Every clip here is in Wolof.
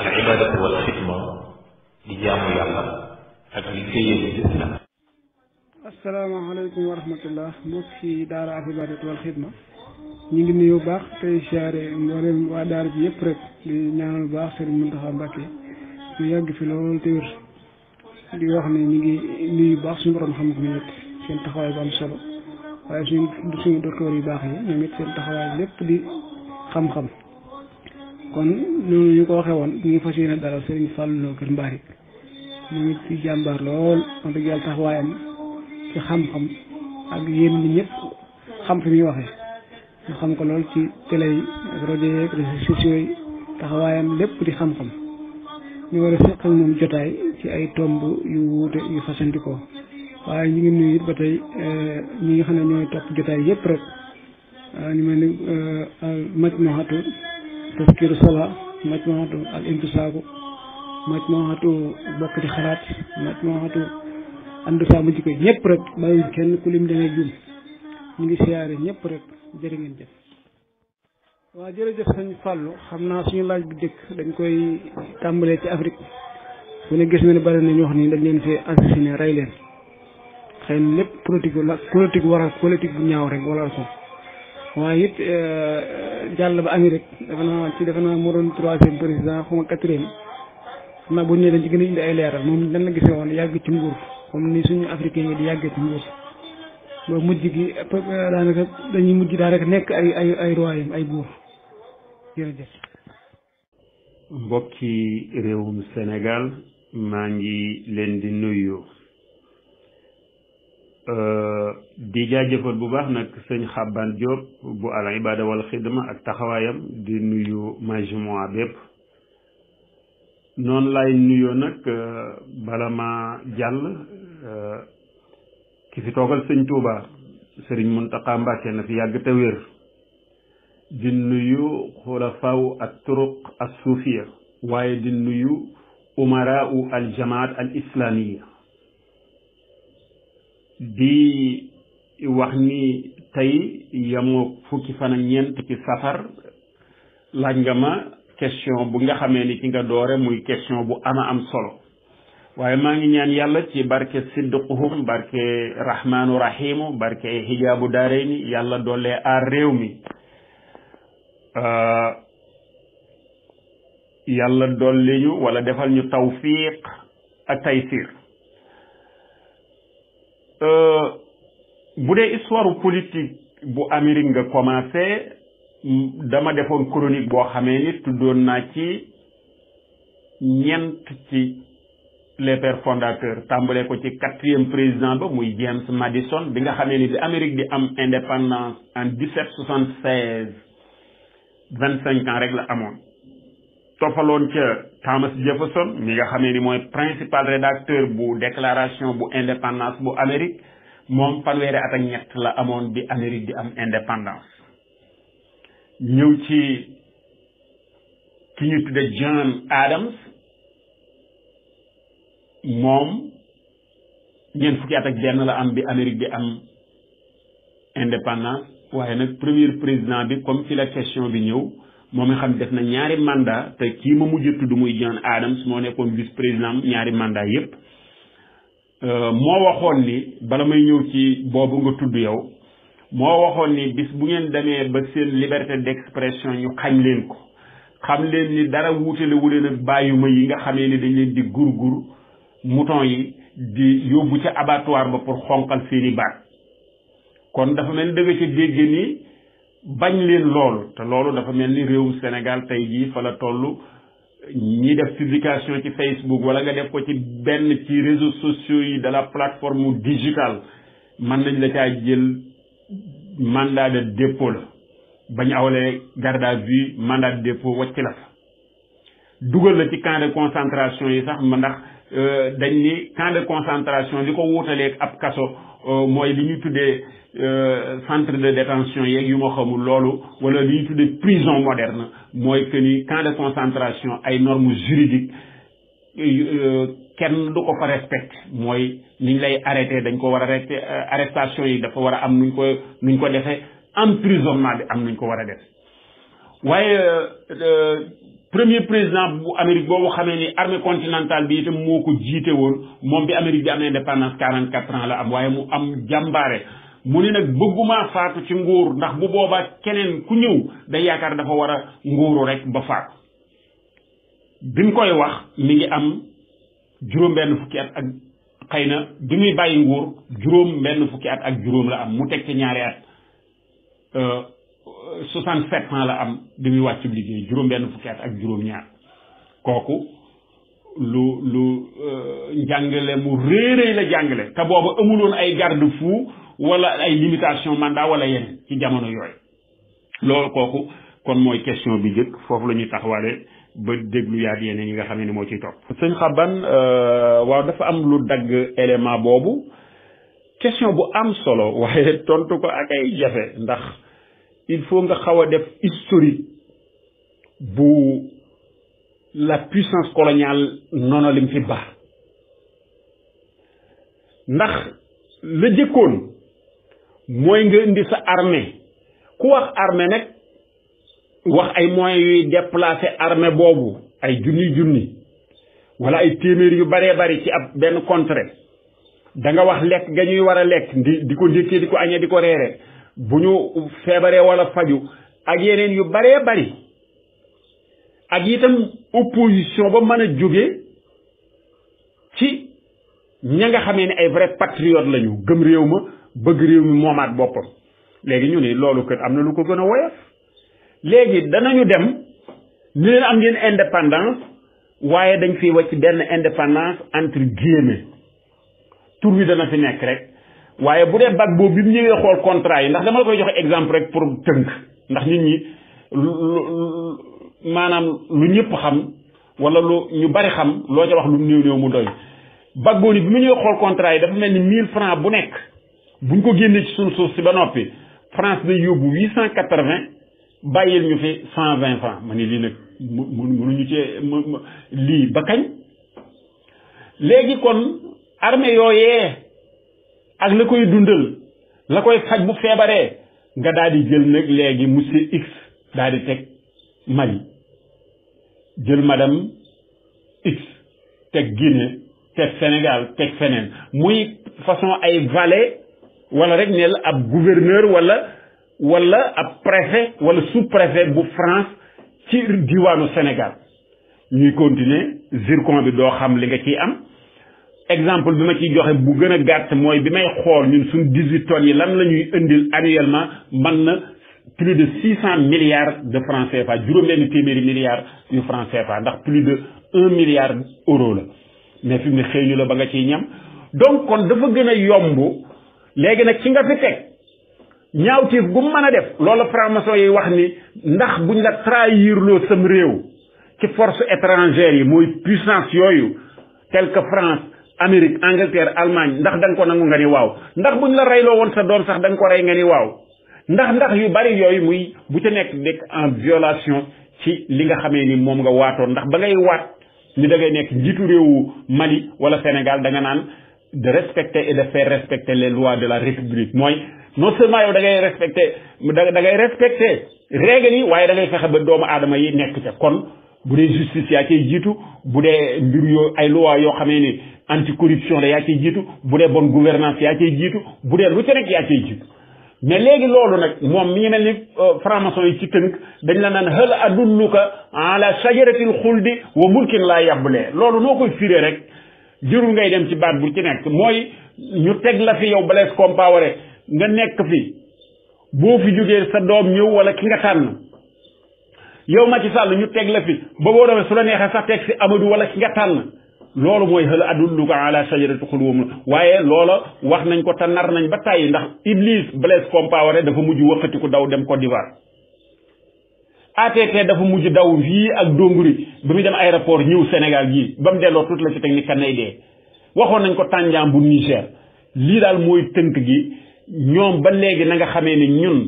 al ibadatu wal xidma di jaamu yàlla ak li téye lislaam asalaamaaleykum wa rahmatullah mbokk yi daara al ibadatu wal xidma ñu ngi nuyu baax tey siyaare mboolem bi yëpp rek di ñaanal baax sëriñ Muntaxa Mbàkke yàgg fi loolu te wér di wax ne ñu ngi nuyu baax su borom xam ko yëpp seen taxawaay bu am solo waaye suñu suñu docteur yu baax yi ñoom it seen taxawaay lépp di xam-xam kon noonu ñu ko waxee woon ñu ngi fas yéene dalal Serigne Fallou Lo Kër Mbari moom it ci jàmbaar lool wax dëgg yàlla taxawaayam ci xam-xam ak yéen ñi ñëpp xam fi muy waxee ñu xam ko lool ci télé yi ak rajo yi taxawaayam lépp di xam-xam ñu war a moom jotaay ci ay tomb yu wuute yu fasantikoo waaye ñu ngi nuyu it ba tey eh, ñu nga xam ne ñooy topp jotaay yëpp rek ah, ñu mel ni eh, maj tafkiru sala majmuhatu al imtisaaku majmuhatu bokk ci xalaat majmuhatu ànd saamu jikko ñëpp rek kenn ku lim dangay ngi siyaare ñëpp rek jërë ngeen jëf waaw jërëjëf xam naa suñu laaj bu jëkk dañ koy tàmbalee ci Afrique bu ne gis na ne bari na ñoo xam ne dañ leen fi assassiné rey leen xëy na lépp politique la waral politique bu ñaaw rek waral ko waaye it euh, euh, jàll ba Amérique defe naa ci defe naa moo doon troisième président xuma quatrième xam naa bu ñu nee dañ ci gën a indi ay leeral moom dañ la gisee woon yàgg ci nguur comme ni suñu africain yi di yàggee ci nguur ba mujj gi euh, daanaka dañuy mujj daanaka nekk ay ay ay ay buur jërëjëf. mbokki réewum Sénégal maa ngi leen di nuyu. di jaajëfal bu baax nag sëñ Xaban Diop bu al ibada wal xidma ak taxawaayam di nuyu majuma bépp noonu lay nuyoo nag euh, bala ma jàll euh, ki fi toogal sëñ Touba sëriñ Muntaqa Mbàkke na fi yàgg te wér di nuyu xulafaaw ak turuq as suufiya waaye di nuyu umaraaw al jamaat al islaamiya bii wax ni tey yemoo fukki fan ak ñeent ci safar laaj nga ma question bu nga xamee ni ci nga doore muy question bu ama am solo waaye maa ngi ñaan yàlla ci barke siddiquhum barke rahmaanu rahimu barke hijaabu daarayni yàlla doole aar réew mi yàlla doole ñu defal ñu tawfiq ak taysir Euh, bu dee histoire politique bu Amérique nga commencé dama defoon chronique boo xamee ni tuddoon naa ci ñeent ci les pères fondateurs tàmbale ko ci quatrième président ba muy James Madison bi nga xamee ni bi Amérique di am indépendance en 1776 vingt cinq ans rek la amoon toppaloon ca Thomas Jefferson mi nga xamee ni mooy principal rédacteur bu déclaration bu indépendance bu Amérique moom fanweeri at ak ñett la amoon bi Amérique di am indépendance ñëw ci ki ñu tudde John Adams moom ñeent fukki at ak benn la am bi Amérique di am indépendance waaye nag premier président bi comme si la question bi ñëw moom nga xam def na ñaari mandat te kii ma mujj tudd muy John Adams moo nekkoon vice président ñaari mandat yépp euh, moo waxoon ni bala may ñëw ci boobu nga tudd yow moo waxoon ni bis bu ngeen demee ba seen liberté d'expression ñu xañ leen ko xam leen ni dara wuutale wuleen ak ma yi nga xamee ni dañ leen di gurgur muton yi di yóbbu ca abattoir ba pour xonqal seeni baat kon dafa mel ni da dégg ni bañ leen loolu te loolu dafa mel ni réewum Sénégal tey jii fa la toll ñi def publication ci Facebook wala nga def ko ci benn ci réseaux sociaux yi de la plateforme digitale mën nañ la caa jël mandat de dépôt la bañ awalee garde à vue mandat de dépôt wàcc la dugal la ci camp de concentration yi sax ma ndax euh, dañ ni camp de concentration li ko wuutaleeg ab kaso Euh, mooy li ñuy tuddee euh, centre de détention yeeg yu ma xamul loolu wala li ñuy tuddee prison moderne mooy que ni camp de concentration ay normes juridiques euh, kenn du ko fa respecte mooy niñ lay arrêté dañ ko war a arrêté arrestation yi dafa war a am nuñ ko nuñ ko defee en emprisonnement bi am nuñ ko war a def waaye premier président bu Amérique boobu xamee ni armée continentale bi itam moo ko jiite woon moom bi Amérique bi am indépendance quarante quatre ans la am waaye mu am jàmbaare mu ni nag bëggumaa faatu ci nguur ndax bu boobaa keneen ku ñëw day yaakaar dafa war a nguuru rek ba faatu bi mu koy wax mi ngi am juróom-benn fukki at ak xëy na bi muy bàyyi nguur juróom benn fukki at ak juróom la am mu teg ci ñaari at euh, soixante sept ans la am bi muy wàccu liggéey juróom-benn fukki at ak juróom-ñaar kooku lu lu euh, njàngale mu réeréy la jàngale te booba amuloon ay garde fou wala ay limitation mandat wala yenn ci jamono yooyu loolu kooku kon mooy question bi njëkk foofu la ñuy taxawaale ba déglu yaat yeneen yi nga xam ne moo ciy topp sëñ ban euh, waaw dafa am lu dagg élément boobu question bu am solo waaye tontu ko ak ay jafe ndax il faut nga xaw a def historique bu la puissance coloniale noonu lim fi baax ndax la jëkkoon mooy nga indi sa armée ku wax armée nag wax ay moyens yuy déplacer armée boobu ay junni junni wala ay téeméer yu baree bari ci ab benn contrée da wax lekk ga ñuy war a lekk di di ko ndékkee di ko añee di ko reere bu ñu feebaree wala faju ak yeneen yu baree bari ak itam opposition ba mën a jóge ci ña nga xamee ni ay vrai patriote lañu gëm réew ma bëgg réew mi moomaat boppam léegi ñu ne loolu kat am na lu ko gën a woyof léegi danañu dem ni leen am ngeen indépendance waaye dañ fi wàcc benn indépendance entre guillemets tur bi dana fi nekk rek waaye bu dee bac boobu bi mu ñëwee xool contrat yi ndax dama la koy joxe exemple rek pour tënk ndax nit ñi lu maanaam lu ñëpp xam wala lu ñu bari xam loo ca wax lu néew néew mu doy bac boobu ni bi mu ñëwee xool contrat yi dafa mel ni mille francs bu nekk buñ ko génnee ci suñ suuf si ba noppi France day yóbbu 880 bàyyil ñu fi 120 francs ma ne lii nag mu mënuñu cee lii ba kañ léegi kon armée yooyee. ak la koy dundal la koy faj bu feebaree nga daal di jël nag léegi monsieur X daal di teg Mali jël madame X teg Guinée teg Sénégal teg feneen muy façon ay valet wala rek ne ab gouverneur wala walla ab préfet wala sous-préfet bu France ci diwaanu Sénégal ñuy continuer zircon doo xam li nga ciy am exemple bi ma ciy joxe bu gën a gàtt mooy bi may xool ñun suñ 18 tonnes yi lan la ñuy indil annuellement man na plus de 600 milliards de francs CFA juróom-benn téeméeri milliards yu francs CFA ndax plus de 1 milliard euro la mais fi mu ne xëy la ba nga ciy ñam donc kon dafa gën a yomb léegi nag ci nga fi teg ñaawteef gu mën a def loolu franc yi wax ni ndax buñ la trahirloo sam réew ci force étrangère yi mooy puissance yooyu tel que Amérique Angleterre Allemagne ndax da ko nangu nga ni waaw ndax buñ la reyloo woon sa doom sax da ko rey nga ni waaw ndax ndax yu bari yooyu muy bu ca nekk nekk en violation ci li nga xamee ni moom nga waatoon ndax ba ngay waat ni da ngay nekk njiitu réew Mali wala Sénégal da nga naan de respecter et de faire respecter les lois de la République mooy non seulement yow da ngay respecter da da ngay respecter règles yi waaye da ngay fexe ba doomu aadama yi nekk ca kon bu dee justice jiitu bu dee mbir yoo ay yoo xamee ni anti corruption la yaa cay jiitu bu dee bonne gouvernance yaa cay jiitu bu dee lu ci rek yaa cay jiitu mais léegi loolu nag moom mi ngi mel ni euh, franc-maçon yi ci tënk dañ la naan hal adulluka ala shajaratil xuldi wa mulkin laa yablee loolu noo koy firee rek jërul ngay dem ci baat bu ci nekk mooy ñu teg la fi yow Blaise Compaoré nga nekk fi boo fi jógee sa doom ñëw wala ki nga tànn yow Macky Sall ñu teg la fi ba boo demee su la neexee sax teg fi loolu mooy hal adulluka ala shajarati xulwum waaye loola wax nañ ko te nañ ba tàyyi ndax Iblis Blaise Compaoré dafa mujj wëqatiku daw dem Côte d'Ivoire ATT dafa mujj daw fii ak Donguri ba muy dem aéroport ñëw Sénégal gi ba mu delloo tuuti la ci technique kan dee waxoon nañ ko tànjaam bu Niger lii daal mooy tënk gi ñoom ba léegi nanga xamee ni ñun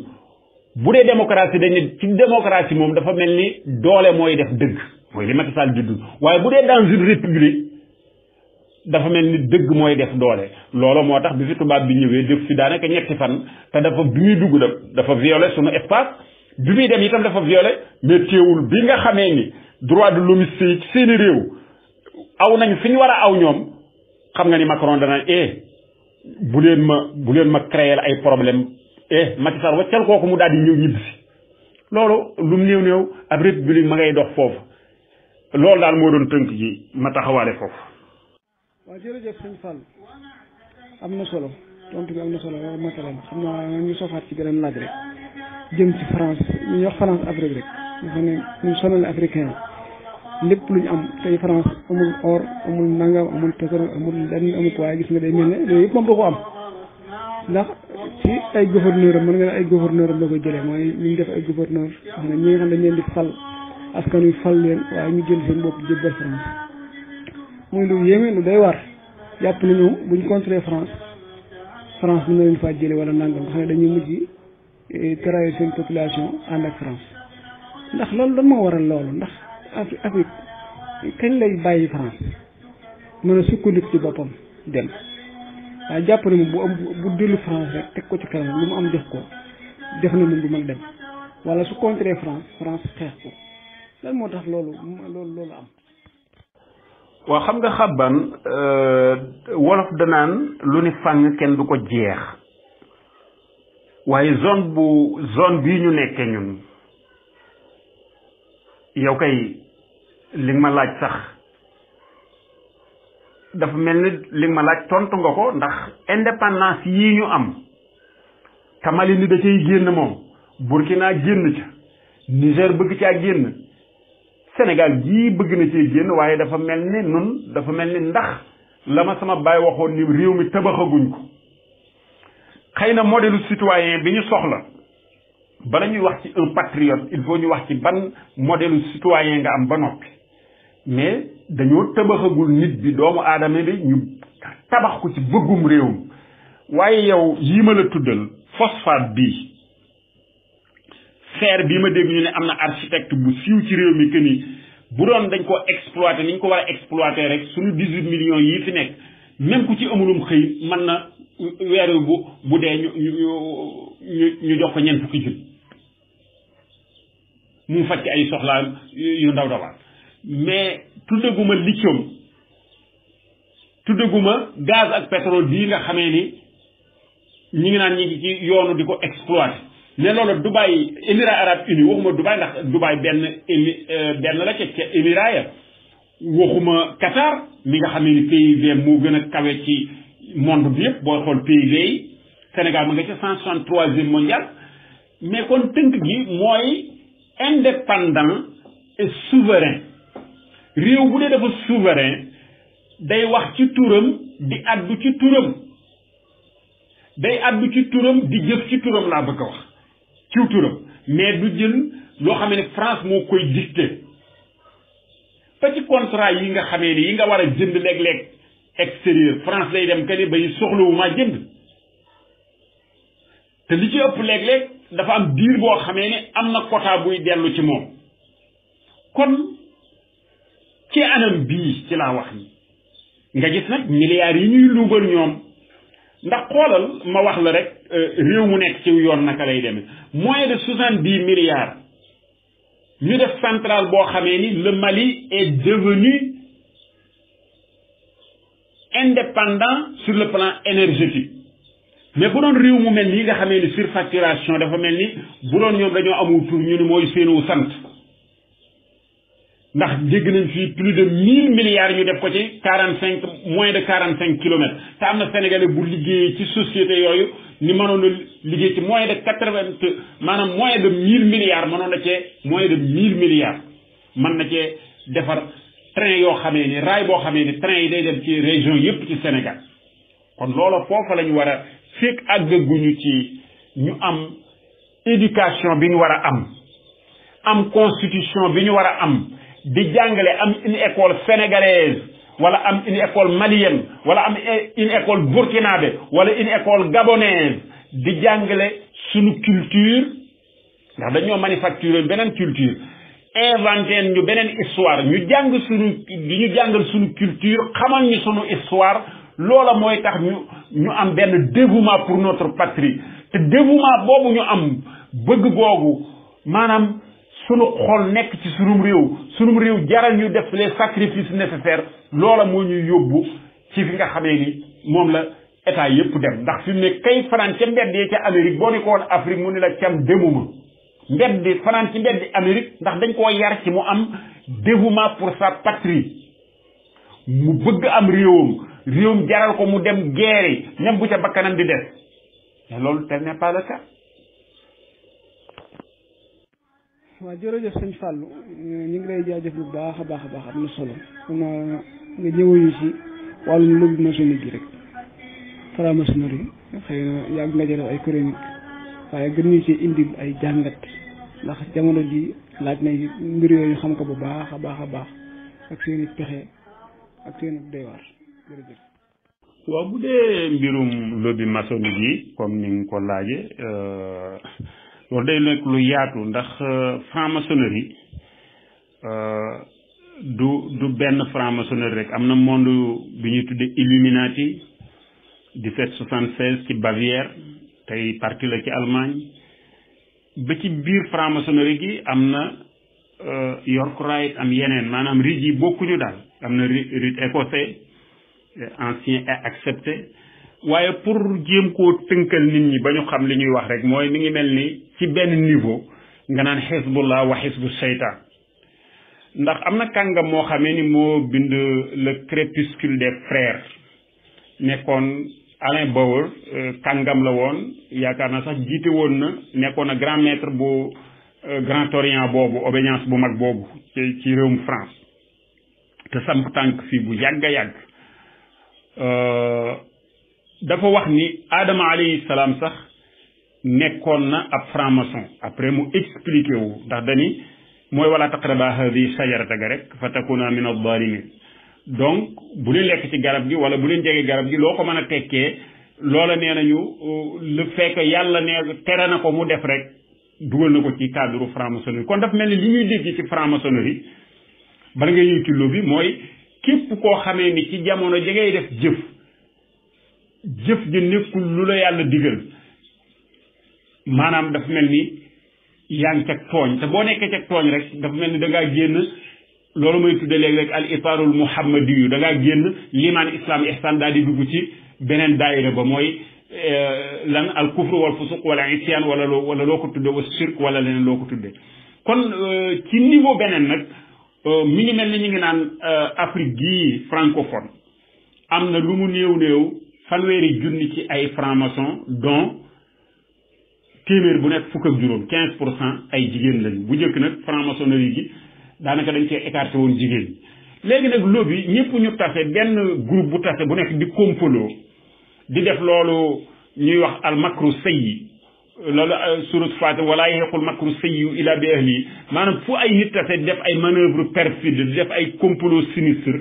bu dee démocratie dañ ne ci démocratie moom dafa mel ni doole mooy def dëgg mooy li Macky dafa mel ni dëgg mooy def doole loolu moo tax bi fi tubaab bi ñëwee def fi daanaka ñetti fan te dafa bi muy dugg dafa violé sunu espace bi muy dem itam dafa violé mais teewul bi nga xamee ni droit de l'homme ci réew aw nañ fi ñu war a aw ñoom xam nga ni Macron dana eh bu leen ma bu leen ma créer ay problème eh Macky Sall waccal kooku mu daal di ñëw ñibbisi loolu lu mu néew néew ab république ma ngay dox foofu loolu daal moo doon tënk ji ma taxawaale foofu waaw jërëjëf sëñ Fall am na solo tontu bi am na solo waaw matalan xam naa ñu sofaat ci beneen laaj rek jëm ci France ñu wax France Afrique rek dafa ne ñu sonal africain lépp lu am France amul or amul nangam amul pétrole amul lenn amul waaye gis nga day mel ne loolu yëpp moom da ko am ndax ci ay gouverneur am mën nga ne ay gouverneur am la koy jëlee mooy ñu ngi def ay gouverneur xam ne ñi nga xam ne dañ leen di fal askan wi fal leen waaye ñu jël seen bopp jëbbal France muy lu yéeme lu day war jàpp na ñoom buñ contré France France mën na leen wala nangam nga xam ne dañuy mujj eh, trahir seen population ànd ak ndax loolu lan moo waral loolu ndax Afrique kañ bàyyi France mën a sukkandiku ci boppam dem waaye jàpp na bu am France teg ko ci kanam lu mu am def ko def na lu mag dem wala su contré France France xeex ko lan moo tax loolu loolu loolu am waa xam nga xabban euh, wolof danaan lu ni fànn kenn du ko jeex waaye zone bu zone bii ñu nekkee ñun yow kay li ma laaj sax dafa mel ni li ma laaj tontu nga ko ndax indépendance yi ñu am tamali ni da cay génn moom Burkina génn ca Niger bëgg caa génn Sénégal gii bëgg na cee génn waaye dafa mel ni nun dafa mel ni ndax la ma sama baay waxoon ni réew mi tabaxaguñ ko xëy na modèle citoyen bi ñu soxla bala ñuy wax ci un patriote il faut ñu wax ci ban modèle citoyen nga am ba noppi mais dañoo tabaxagul nit bi doomu aadama bi ñu tabax ko ci bëggum réew mi waaye yow yii ma la tuddal phosphate bii fer bi ma dégg ñu ne am na architecte bu siiw ci réew mi que ni bu doon dañ ko exploité ni ko war a exploité rek suñu 18 millions yi fi nekk même ku ci amulum xëy man na weer bu bu dee ñu ñu ñu jox ko ñeent fukki jun mu faj ay soxlaan yu ndaw ndawaan mais tuddaguma lithium tuddaguma gaz ak petrol bii nga xamee ni ñu ngi naan ñi ngi ci yoonu di ko exploité ne loolu Dubai émirat arabe uni waxuma Dubai ndax Dubai benn émi euh, benn la ca émirat ya waxuma Qatar mi nga xam ne ni PIB moo gën a kawe ci monde bi yëpp booy xool PIB yi Sénégal ma nga ca cent soixante troisième mais kon tënk gi mooy indépendant et souverain réew bu dee dafa souverain day wax ci turam di addu ci turam day addu ci turam di jëf ci turam laa bëgg a wax ciw mais du jël loo xam ne France moo koy dicté ba ci contrat yi nga xamee ni yi nga war a jënd léeg-léeg extérieur France lay dem kani ba soxlawu maa jënd te li ci ëpp léeg-léeg dafa am diir boo xamee ne am na quota buy dellu ci moom kon ci anam bii ci laa wax ni nga gis nag milliards yi ñuy luubal ñoom ndax xoolal ma wax la rek Euh, réew mu nekk ci yoon naka lay demee moins de soixante dix milliards ñu def centrale boo xamee ni le Mali est devenu indépendant sur le plan énergétique mais bu doon réew mu mel nii nga xamee ni surfacturation dafa mel ni bu doon ñoom dañoo amul tur ñu ni mooy seenu sant ndax dégg nañ fii plus de mille milliards ñu def ko ci moins de quarante cinq kilomètres te am na sénégalais bu liggéeyee ci société yooyu li mënoon a liggéey ci moyen de quatre vingt maanaam moyen de mille milliards mënoon na cee moyen de mille milliards mën na cee defar train yoo xamee ni raay boo xamee ni train yi day dem ci région yépp ci Sénégal kon loola foofa lañu ñu war a fekk àggaguñu ci ñu am éducation bi ñu war a am am constitution bi ñu war a am di jàngale am une école sénégalaise wala am une école malien wala am une école burkinabé wala une école gabonaise di jàngale suñu culture ndax dañoo manufacturer beneen culture inventé ñu beneen histoire ñu jàng suñu di ñu jàngal suñu culture xamal ñu suñu histoire loola mooy tax ñu am benn dévouement pour notre patrie te dévouement boobu ñu am bëgg googu maanaam sunu xol nekk ci sunum réew sunum réew jaral ñu def les sacrifices nécessaires loola moo ñuy yóbbu ci fi nga xamee ni moom la état yépp dem ndax fi mu ne kay fanaan ca mbedd yi ca Amérique boo ni ko woon Afrique mu ni la cam demuma mbedd fanaan ci mbedd Amérique ndax dañ koo yar ci mu am dévouement pour sa patrie mu bëgg am réewam réewam jaral ko mu dem guerre ñam bu ca bakkanam di def loolu tel n'est pas le waaw jërëjëf sëñ Fallou ñu ngi lay jaajëf bu baax a baax a baax am na solo na nga ñëwuñu si wàllum lëbu maçonnique gi rek franc-maçonnerie xëy na yàgg nga jël ay chronique waaye gën ñu ci indil ay jàngat ndax jamono ji laaj na mbir yooyu xam ko bu baax a baax a baax ak seen pexe ak seen i doywaar jërëjëf waaw bu dee mbirum lëbu maçonnique yi comme ni nga ko laaje euh, loolu day nekk lu yaatu ndax euh, franc-maçonnerie euh, du du benn franc-maçonnerie rek am na monde bi ñuy tuddee Illuminati di fait soixante-seize ci Bavière tey parti la ci Allemagne ba ci biir franc-maçonnerie gi am na euh, York Rite am yeneen maanaam rite yi bokkuñu daal am na rite écossais ancien accepté waaye pour jéem koo tënkal nit ñi ba ñu xam li ñuy wax rek mooy mu ngi mel ni ci benn niveau nga naan xisbullah wa bu seytaan ndax am na kàngam moo xamee ni moo bind le crépuscule des frères nekkoon Alain Bauer euh, kàngam la woon yaakaar na sax jiite woon na nekkoon a grand maître bu euh, Grand Orient boobu obédience bu mag boobu ci ci réewum France te samp tànk fii bu yàgg yàgg euh, dafa wax ni Adama alayhi salaam sax nekkoon na ab franc après mu expliqué wu ndax dani mooy wala taqraba bi shajarata ga rek fa takuna min adh nii donc bu leen lekk ci garab gi wala bu leen jege garab gi loo ko mën a tekkee loola nee nañu euh, le fait que yàlla ne tere na ko mu def rek dugal na ko ci cadre franc kon daf mel ni li ñuy dégg ci franc-maçonnerie bala nga ñëw ci lobby bi mooy képp koo xamee ni ci jamono ji def jëf jëf ji nekkul lu la yàlla digal maanaam dafa mel ni yaa ngi ca tooñ te boo nekkee ca tooñ rek dafa mel ni da ngaa génn loolu mooy tudde léegi rek al itarul muhammadi yu da ngaa génn limaan islam ihsan daal di dugg ci beneen daayira ba mooy eh, lan al kufru wal fusuq wala isyan wala loo wala loo ko tudde wa shirk wala leneen loo ko tudde kon eh, ci niveau beneen nag eh, mu ngi mel ni ñu ngi naan Afrique gii francophone am na lu mu néew néew fanweeri junni ci ay franc don dont téeméer bu nekk fukk ak juróom quinze pour cent ay jigéen lañu bu njëkk nag franc-maçonnerie gi daanaka dañ cee écarté woon jigéen ñi léegi nag lobby ñëpp ñu tase benn groupe bu tase bu nekk di complot di def loolu ñuy wax al makru yi loolu euh, surat Faatiha walaa yahiiqul makru sayyi'u illaa bi ahlihi maanaam fu ay nit tase def ay manœuvre perfide def ay complot sinistre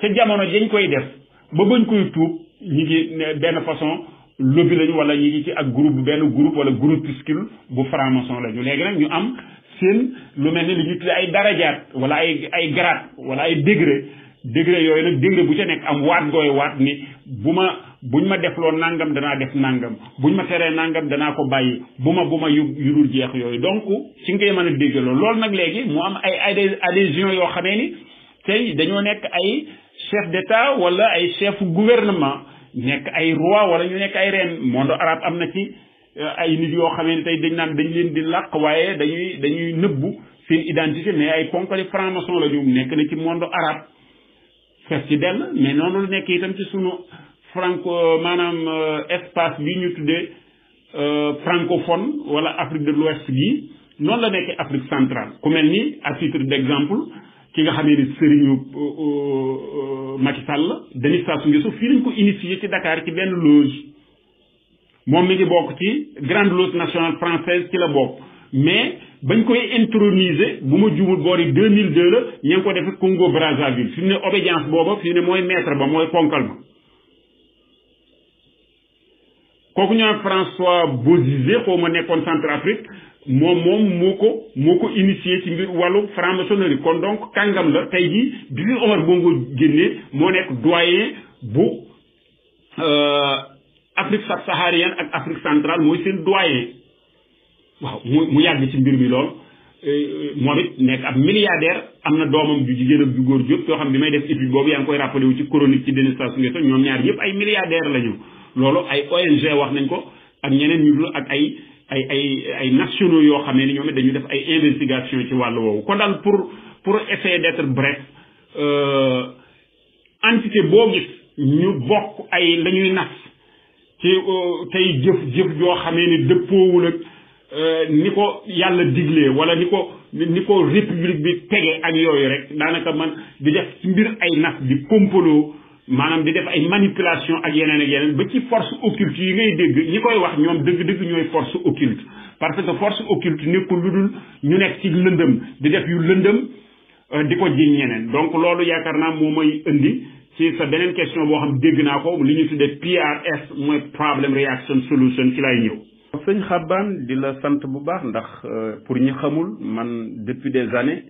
ca jamono dañ koy def ba bañ koy tuub ñi ngi benn façon lobby lañu wala ñi ngi ci ak groupe benn groupe wala groupuscule bu franc-maçon lañu léegi nag ñu am seen lu mel ni li ñuy tuddee ay darajaat wala ay ay grade wala ay degré degré yooyu nag degré bu ca nekk am waat gooy waat ni bu ma buñ ma def defloo nangam danaa def nangam buñ ma teree nangam danaa ko bàyyi bu ma bu ma yu yudul jeex yooyu donc ci ngay mën a dégg loolu nag léegi mu am ay adhésion yoo xamee ni tey dañoo nekk ay chef d'état wala ay chef gouvernement nekk ay roi wala ñu nekk ay reine monde arabe am na ci euh, ay nit yoo xamee ni tey dañ naa dañ leen di làq waaye dañuy dañuy nëbbu seen identité mais ay ponkali franc-maçon la ñu nekk na ci monde arabe fes ci dell mais noonu la nekk itam ci suñu franco maanaam euh, espace bi ñu tuddee euh, francophone wala Afrique de l'Ouest gi noonu la nekkee Afrique centrale ku mel ni à titre d'exemple ki nga xamee ni sëriñu euh, euh, Macky Sall Denis Sassou Nguesso fii lañ ko initié ci Dakar ci benn loge moom mi ngi bokk ci grande loge nationale française ci la bokk mais bañ koy introniser bu ma juumul boori 2002 la ña ngi ko defee Congo Brazzaville fi mu ne obédience booba fii mu ne mooy maître ba mooy ponkal ba kooku ñu François Bozizé xaw ma nekkoon Centrafrique moom moom moo ko moo ko initié ci mbir wàllu franc-maçonnerie kon donc kàngam la tey jii bi fi Omar génnee moo nekk doyen bu euh, Afrique subsaharienne ak Afrique centrale mooy seen doyen waaw mu mu yàgg ci mbir mi lool euh, euh, moom it nekk ab milliardaire am na doomam ju jigéen ak ju góor jóg yoo xam bi may def étude boobu yaa ngi koy rappelé wu ci chronique ci dénestation nge ñoom ñaar ñëpp ay milliardaire la ñu loolu ay ONG wax nañ ko ak ñeneen ñu dul ak ay ay ay ay nationaux yoo xam ne ni ñoom it dañu def ay investigation ci wàllu woowu kon daal pour pour effet d'être bref euh, entité boo gis ñu bokk ay la ñuy nas ci euh, tey jëf jëf joo xamee ni dëppoowul ak euh, ni ko yàlla diglee wala ni ko ni ko république bi tege ak yooyu rek daanaka man di def ci mbir ay nas di kompaloo maanaam di def ay manipulation ak yeneen ak yeneen ba ci force occulte yi ngay dégg ñi koy wax ñoom dëgg-dëgg ñooy force occulte parce que force occulte nekkul lu dul ñu nekk ci lëndëm di def yu lëndëm euh, di ko jiñ ñeneen donc loolu yaakaar naa moo may indi ci sa beneen question boo xam dégg naa ko li ñu tuddee PRS mooy problème reaction solution ci lay ñëw. sëñ Xaban di la sant bu baax ndax euh, pour ñi xamul man depuis des années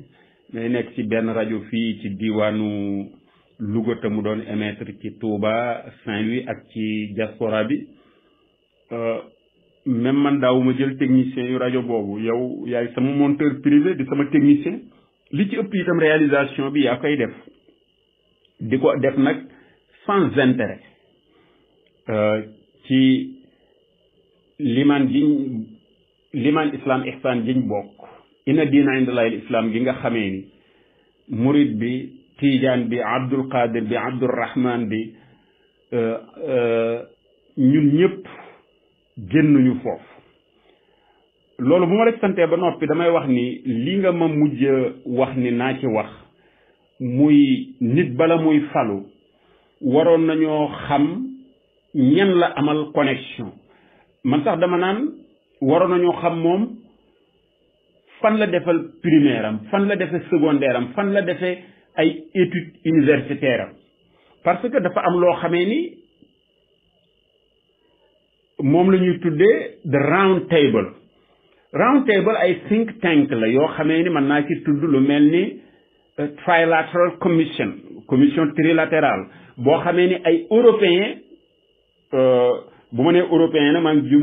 ngay nekk ci benn rajo fii ci diwaanu. Louga te mu doon émettre ci Touba Saint-Louis ak ci diaspora bi euh, même man ma jël technicien yu rajo boobu yow yaay sama monteur privé di sama technicien li ci ëpp itam réalisation bi yaa koy def di ko def nag sans intérêt euh, ci limaan jiñ limaan islam ihsan jiñ bokk ina diina inda layl islam gi nga xamee ni murid bi tiijaan bi abdul qadir bi abdul rahman bi euh, euh, ñun ñëpp ñu foofu loolu bu ma rek santee ba noppi damay wax ni li nga ma mujj wax ni naa ci wax muy nit bala muy falu waroon nañoo xam ñan la amal connexion man sax dama naan waroon nañoo xam moom fan la defal primaire fan la defee secondaire am fan la defee ay études universitaires parce que dafa am loo xamee ni moom la ñuy tuddee the round table round table ay think tank la yoo xamee ni mën naa ci tudd lu mel ni euh, trilateral commission commission trilatérale boo xamee ni ay européen euh, bu ma nee européen na maa ngi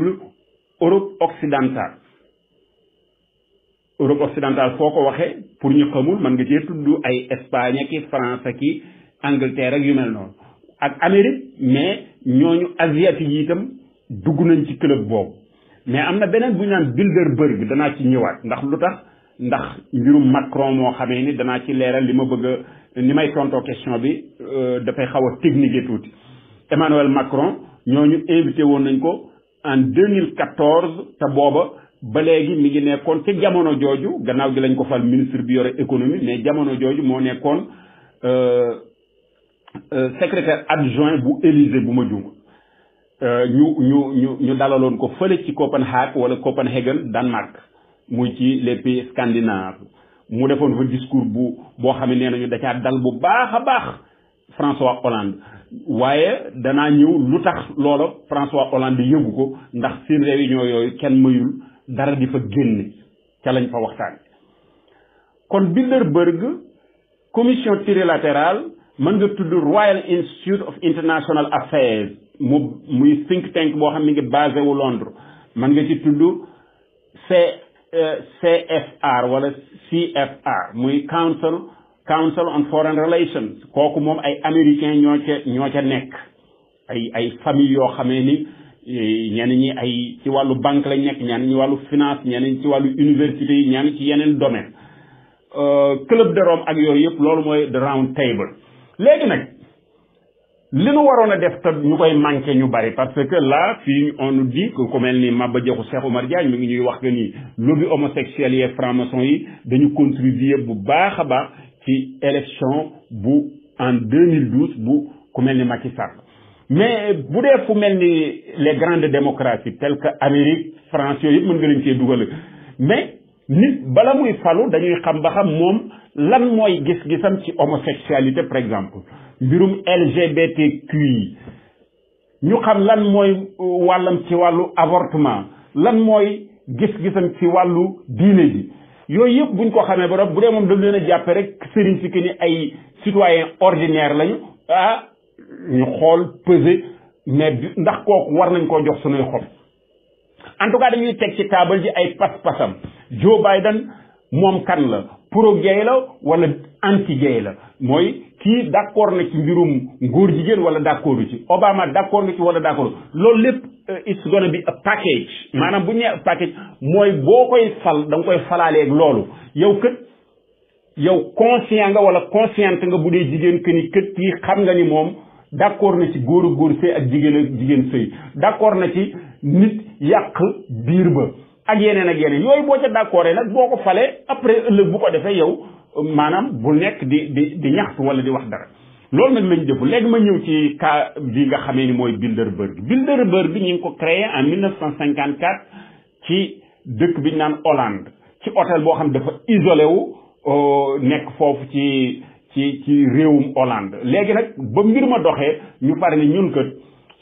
Europe occidentale Europe occidentale foo ko waxee pour ñu xamul mën nga cee tudd ay Espagne ak i France ak i Angleterre ak yu mel noonu ak Amérique mais ñooñu asiatique yi itam dugg nañ ci club boobu mais am na beneen bu ñu naan Bilderberg danaa ci ñëwaat ndax lu tax ndax mbirum Macron moo xame ni danaa ci leeral li ma bëgg ni may tontoo question bi euh, dafay xaw a technique tuuti Emmanuel Macron ñooñu invité woon nañ ko en te booba ba léegi mi ngi nekkoon ci jamono jooju gannaaw gi lañ ko fal ministre bi yore économie mais jamono jooju moo nekkoon euh, euh, secrétaire adjoint bu Élysée bu ma jung euh, ñu ñu ñu ñu dalaloon ko fële ci Copenhague wala Copenhagen Danemark muy ci les pays scandinaves mu defoon fa discours bu boo xam ne nee nañu dacaa dal bu baax a baax François Hollande waaye danaa ñëw lu tax loola François Hollande yëgu ko ndax seen réunion yooyu kenn mayul dara di fa génn ca lañ fa waxtaan kon Bilderberg commission trilatérale man nga tudd Royal Institute of International Affairs muy think tank boo xam ne ngi basé wu Londres man nga ci tudd C euh, CFR wala CFR muy Council Council on Foreign Relations kooku moom ay américains ñoo ci ñoo ca nekk ay ay famille yoo xamee ni ñenn ñi ay ci wàllu banque lañ nekk ñenn ñi wàllu finance ñenn ci wàllu université yi ñenn ci yeneen domaine euh, club de Rome ak yooyu yëpp loolu mooy the round table léegi nag li nu waroon a def te ñu koy manqué ñu bari parce que là fii on nous di que ku mel ni Maba Diakhou Cheikh Oumar Diagne mi ngi ñuy wax que ni lobby homosexuel yi franc-maçon yi dañu contribuer bu baax a baax ci élection bu en 2012 bu ku mel ni Macky Sall mais bu dee fu mel ni les grandes démocraties telles que Amérique France yooyu yëpp mën nga leen cee dugal mais nit bala muy falu dañuy xam ba xam moom lan mooy gis-gisam ci homosexualité par exemple mbirum yi ñu xam lan mooy wàllam ci wàllu avortement lan mooy gis-gisam ci wàllu diine ji yooyu yëpp buñ ko xamee ba bu dee moom dañ leen a jàppe rek sëriñ si que ni ay citoyen ordinaire lañu ah ñu xool peser mais ndax kooku war nañ koo jox sunuy xol en tout dañuy teg ci taabal ji ay pas-pasam Joe Biden moom kan la pro gay la wala anti gay la mooy kii d'accord na ci mbirum ngóor jigéen wala d'accordu ci Obama d'accord na ci wala d'accord loolu lépp euh, it's gonna be a package mm. maanaam bu ñu package mooy boo koy fal da koy falaaleeg loolu yow kët yow conscient nga wala consciente nga bu dee jigéen que ni kët kii xam nga ni moom d'accord na ci góor ak góor sëy ak jigéen ak jigéen sëy d'accord na ci nit yàq biir ba ak yeneen ak yeneen yooyu boo ca d'accord nag boo ko falee après ëllëg bu ko defee yow maanaam bu nekk di di di ñaxtu wala di wax dara loolu nag lañ defu léegi ma ñëw ci cas bi nga xamee ni mooy Bilderberg Bilderberg bi ñu ngi ko créé en 1954 ci dëkk bi ñu naan Hollande ci hôtel boo xam dafa isolé wu euh, nekk foofu ci ci ci réewum Hollande léegi nag ba mbir ma doxee ñu pare ne ñun kat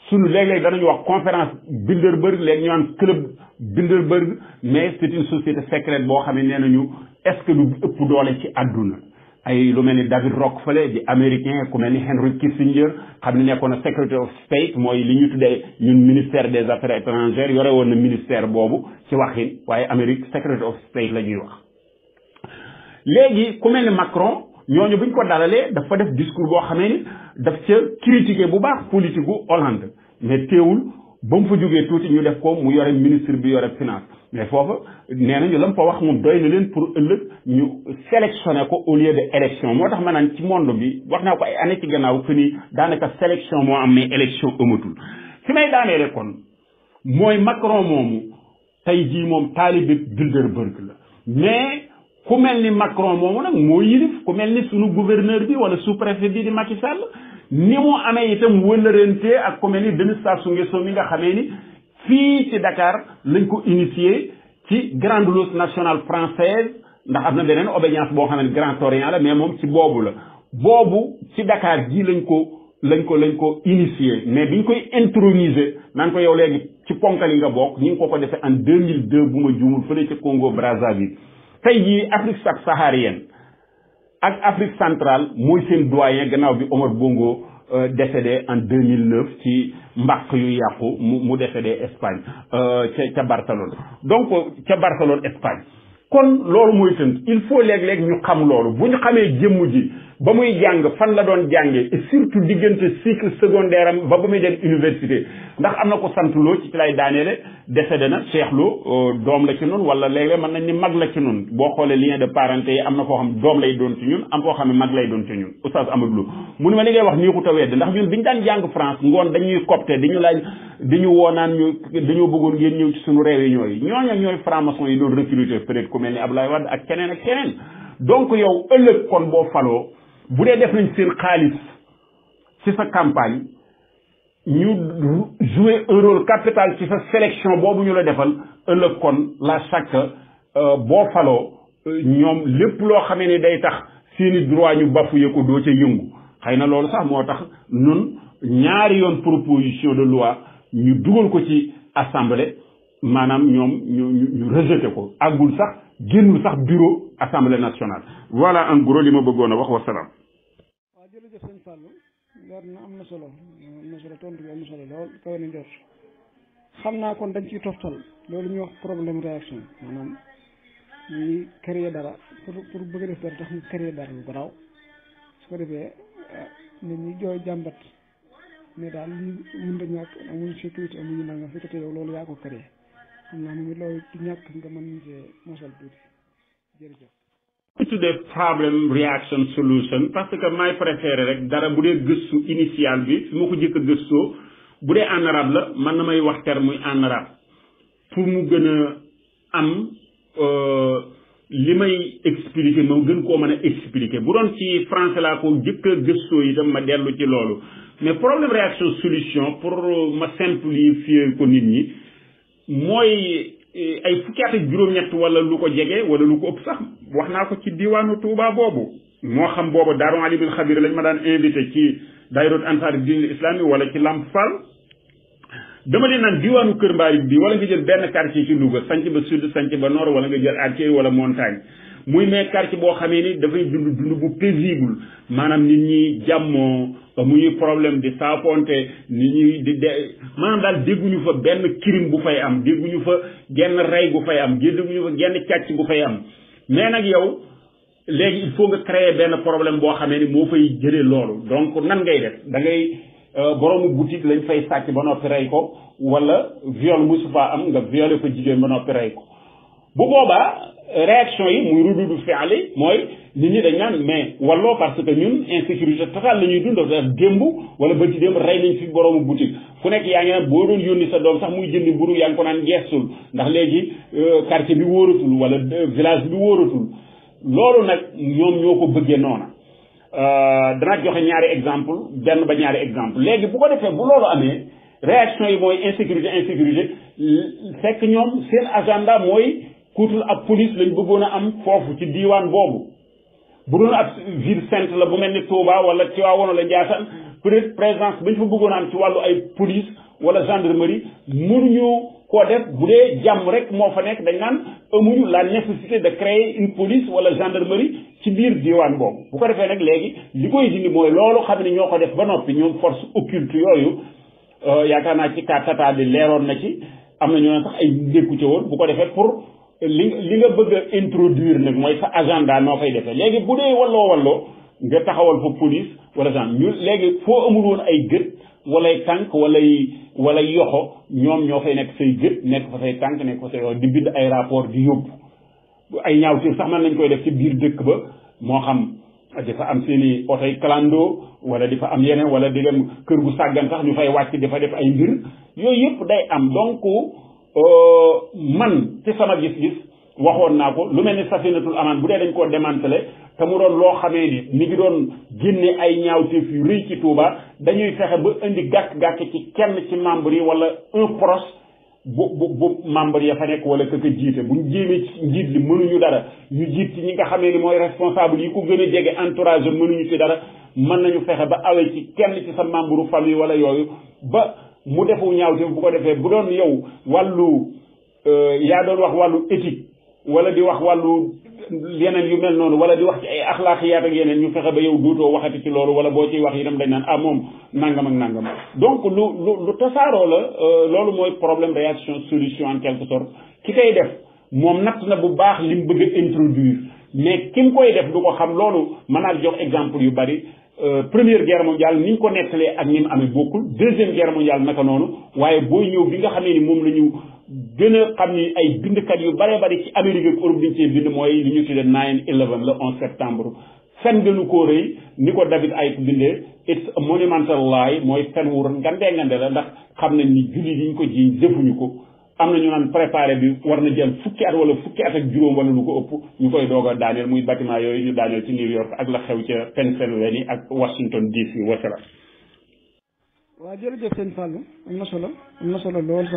suñu léeg-léeg danañu wax conférence Bilderberg léegi ñu naan club Bilderberg mais c'est une société secrète boo xam ne nee nañu est-ce que ëpp doole ci àdduna ay lu mel ni David Rockefeller di américain ku mel ni Henry Kissinger xam ne nekkoon na Secretary of State mooy li ñu tuddee ñun ministère des affaires étrangères yore woon na ministère boobu ci waxin waaye Amérique Secretary of State la ñuy wax ñooñu buñ ko dalalee dafa def discours boo xamee ni daf ca critiquer bu baax politique gu Hollande mais teewul ba mu fa jógee tuuti ñu def ko mu yore ministre bi yore finance mais foofa nee nañu la mu fa wax mu doy na leen pour ëllëg ñu sélectionné ko au lieu de élection moo tax ma naan ci monde bi wax naa ko ay année ci gannaaw que ni daanaka sélection moo am mais élection ëmmatul fi may daaneele kon mooy Macron moomu tey jii moom taalibe Bilderberg la mais ku mel ni Macron moomu nag moo yilif ku mel ni sunu gouverneur bi wala sous préfet bi di Macky Sall ni mu amee itam wëlërante ak ku mel ni Denis Sassou Nguesso mi nga xamee ni fii ci dakaar lañ ko initié ci grande loge nationale française ndax am na beneen obédience boo xam ne Grand Orient la mais moom si boobu la boobu si dakaar jii lañ ko lañ ko lañ ko initié mais ñu koy introniser naan ko yow léegi ci ponkal yi nga bokk ñu ngi ko ko defee en 2002 bu ma juumul fële ca Congo tey jii Afrique subsaharienne ak Afrique centrale mooy seen doyen gannaaw bi Omar Bongo euh, décédé en 2009 ci mbàq yu yàqu mu mu décédé Espagne euh, ca ca Barcelone donc euh, ca Barcelone Espagne kon loolu mooy tënk il faut léeg-léeg ñu xam loolu bu ñu xamee jëmm ji ba muy jàng fan la doon jàngee et surtout diggante cycle secondaire am ba ba muy dem université ndax am na ko sant loo ci lay daaneele décédé na Cheikh Lo euh, doom la ci noonu wala léeg-léeg mën nañ ni mag la ci noonu boo xoolee lien de parenté yi am na koo xam doom lay doon ci ñun am koo xam ne mag lay doon ci ñun oustaz Amadou Lo mu ne ma li wax nii ku ta wedd ndax ñun bi ñu daan jàng France ngoon dañuy copte di ñu laaj di ñu woonaan ñu dañoo bëggoon ngeen ñëw ci suñu yi ñooyu ñooña ñooy franc-maçon yi doon recruter peut-être ku donc yow ëllëg kon boo faloo bu dee def nañ seen xaalis ci sa campagne ñu jouer un rôle capital ci sa sélection boobu ñu la defal ëllëg kon la chaque euh, boo faloo euh, ñoom lépp loo xamee ne day tax seeni droit ñu bafoué ko doo ca yëngu xëy na loolu sax moo tax nun ñaari yoon proposition de loi ñu dugal ko ci assemblée maanaam ñoom ñu ñu rejeté ko àggul sax génnul sax bureau assemblée nationale voilà en gros li ma bëggoon a wax wasalaam jërëjëf sëñ Fallou leer na am na solo am na solo tontu bi am na solo lool kawe na njort xam naa kon dañ ciy toftal loolu ñuy wax problème réaction maanaam ñuy créer dara pour bëgg a def dara tax ñu créer dara ko defee eh, nit ñi jàmbat ne daal da ñàkk amuñu sécurité amuñu nangam fekk loolu yaa ko créer xam naa ni loolu ci ñàkk nga mën cee mosal tuuti jërëjëf to des problem reaction solution parce que may préféré rek dara bu dee gëstu initial bi su ma ko jëkk a gëstoo bu dee en arabe la man na may wax terme muy en arabe pour mu gën a am euh, li may expliquer ma gën koo mën a expliquer bu doon ci français laa ko jëkk a gëstoo itam ma dellu ci loolu mais problème réaction solution pour euh, ma simplifier ko nit ñi mooy Eh, ay fukki at juróom-ñett wala lu ko jege wala lu ko ëpp sax wax naa ko ci diwaanu Touba boobu moo xam boobu Daaru Alimul Xabir lañ ma daan invité ci dayroot ansaar diinul islami wala ci Lamp Fall dama leen naan diwaanu Kër Mbaarik bi wala nga jël benn quartier ci Louga sanc ba sud sanc ba nord wala nga jël artier wala montagne muy mais quartier boo xamee ni dafay dund dund bu paisible maanaam nit ñi jàmmoo amuñu problème di saafonte ni ñuy di de maanaam daal dégguñu fa benn crime bu fay am dégguñu fa genn rey bu fay am dégguñu fa genn càcc bu fay am mais nag yow léegi il faut nga créer benn problème boo xamee ni moo fay jëlee loolu donc nan ngay def da ngay euh, boroomu boutique lañ fay sàcc ba noppi rey ko wala viol musu fa am nga violé fa jigéen ba noppi rey ko bu boobaa réaction yi muy rududu fiali mooy nit ñi dañ naan mais walloo parce que ñun insécurité totale la ñuy dund dafa démb wala ba ci démb rey nañ fi boroomu boutique fu nekk yaa ngi naan boo doon yónni sa doom sax muy jëndi mburu yaa ngi ko naan geestul ndax léegi euh, quartier bi wóoratul wala euh, village bi wóoratul loolu nag ñoom ñoo ko bëggee noona euh, danaa joxe ñaari exemple benn ba ñaari exemple léegi bu ko defee bu loolu amee réaction yi mooy insécurité insécurité fekk ñoom seen agenda mooy kuutul ak police lañ bëggoon a am foofu ci diiwaan boobu bu doon ab ville sainte la bu mel ni Touba wala Tivaouane wala Ndiassane peut-être présence bañ fa bëggoon a am ci wàllu ay police wala gendarmerie mënuñoo koo def bu dee jàmm rek moo fa nekk dañ naan amuñu laa nécessité de créer une police wala gendarmerie ci biir diwaan boobu bu ko defee nag léegi li koy dindi mooy loolu xam ne ñoo ko def ba noppi ñoom force occulte yooyu euh, yaakaar naa ci kaa tata leeroon na ci am na ay ndékku ca woon bu ko defee pour li li nga bëgg introduir nag mooy sa agenda noo koy defee léegi bu dee walloo walloo nga taxawal fa police wala genre léegi foo amul woon ay gët walay tànk walay walay yoxo ñoom ñoo fay nekk say gët nekk fa say tànk nekk fa say yoxo di bidd ay rapport di yóbbu ay ñaaw ci sax man nañ koy def ci biir dëkk ba moo xam dafa am seeni otoy kalando wala di fa am yeneen wala di dem kër gu sàggan sax ñu fay wàcc dafa def ay mbir yooyu yëpp day am Euh, man ci sama gis-gis waxoon naa ko lu mel ni safinatul amaan bu dee dañ koo démantelé te mu doon loo xamee ni mi ngi doon génne ay ñaawteef yu rëy ci Touba dañuy fexe ba indi gàkk-gàkk ci kenn ci membre yi wala un proche bu bu bu membre ya fa nekk wala ka jiite bu jéemee ci njiit li mënuñu dara ñu jiit ci ñi nga xamee ni mooy responsable yi ku gën a jege entourage mënuñu ci dara mën nañu fexe ba awee ci kenn ci sa membre famille wala yooyu ba mu defu ñaaw te bu ko defee bu doon yow wàllu euh, yaa doon wax wàllu éthique wala di wax wàllu yeneen yu mel noonu wala di wax ci ay axlaaqiyaat ak yeneen ñu fexe ba yow duutoo waxati ci loolu wala boo ciy wax yi itam dañ naan ah moom nangam ak nangam donc lu lu tasaaroo la euh, loolu mooy problème réaction solution en quelque sorte ki koy def moom natt na bu baax li mu bëgg a introduire mais ki mu koy def du ko xam loolu mën jox exemple yu bari Euh, première guerre mondiale ni ñu ko nettalee ak ni mu amee bokkul deuxième guerre mondiale naka noonu waaye booy ñëw bi nga xamee ni moom la ñu gën a xam ni ay bindkat yu bare bari ci Amérique ak Europe dañ cee bind mooy lu ñu tuddee nine eleven la onze septembre fen gënu koo rëy ni ko David ay bindee it's a monumental lie mooy fen wu ngandee ngande la ndax xam nañ ni julli yi ñu ko jiiñ jëfuñu ko am na ñu naan préparé bi war na jël fukki at wala fukki at ak juróom wala lu ko ëpp ñu koy doog a daaneel muy bâtiment yooyu ñu daaneel ci New York ak la xew ca Pennsylvanie ak Washington DC wasala waaw jërëjëf seen Fallou am na solo am na solo lool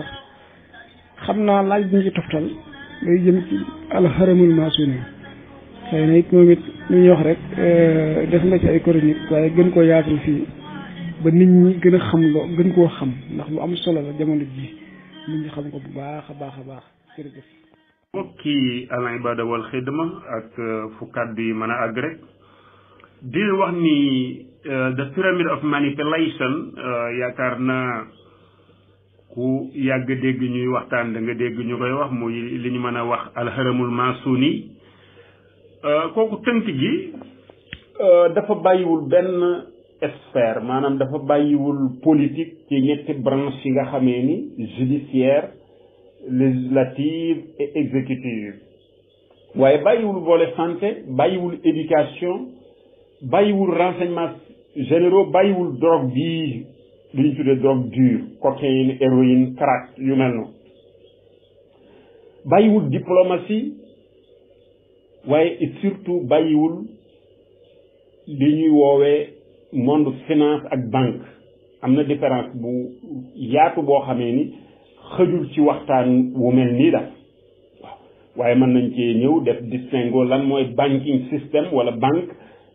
xam naa laaj bi ci toftal day jëm ci alxaramul it moom ñuy wax rek euh, def nga ci ay chronique waaye gën koo yaatal fii ba nit ñi gën a xam loo gën koo xam ndax lu am solo la jamono ji nit ñi xam ko bu baax a baax a baax jërëjëf. mbokki Al Hibadatou Wal Xidma ak euh, fu kàddu yi mën a àgg rek di wax ni euh, the pyramid of manipulation euh, yaakaar naa ku yàgg dégg ñuy waxtaan da nga dégg ñu koy wax muy li ñu mën a wax alxaramul masuni kooku tënk gi dafa bàyyiwul benn sphère maanaam dafa bàyyiwul politique ci ñetti branche yi nga xamee ni judiciaire législative et exécutive waaye bàyyiwul volet santé bàyyiwul éducation bàyyiwul renseignement généraux bàyyiwul drogue bii li ñu tuddee drogue dure cocaïne héroïne crack yu mel noonu bàyyiwul diplomatie waaye surtout bàyyiwul li ñuy woowee monde finance ak banque am na différence bu yaatu boo xamee ni xëjul ci waxtaan wu mel nii la waaye mën nañ cee ñëw def distinguo lan mooy banking system wala banque